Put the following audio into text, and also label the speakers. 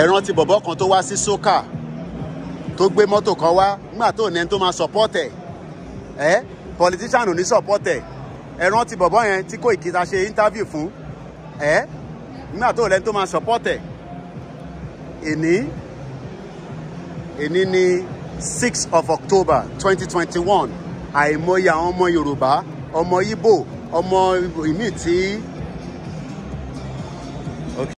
Speaker 1: ẹ rántí bọ̀bọ̀ kan tó wá sí soka tó gbé mọ́tò kan wá nígbà tó nẹni tó máa support ẹ̀ ẹ́ politician ò ní support ẹ̀ ẹ rántí bọ̀bọ̀ yẹn tí Koiki ta ṣe interview fún ẹ́ nígbà tó lẹni tó máa support ẹ̀ èní èní ni six of October twenty twenty one àìmọye àwọn ọmọ Yorùbá ọmọ Ìgbò ọmọ ìmí tí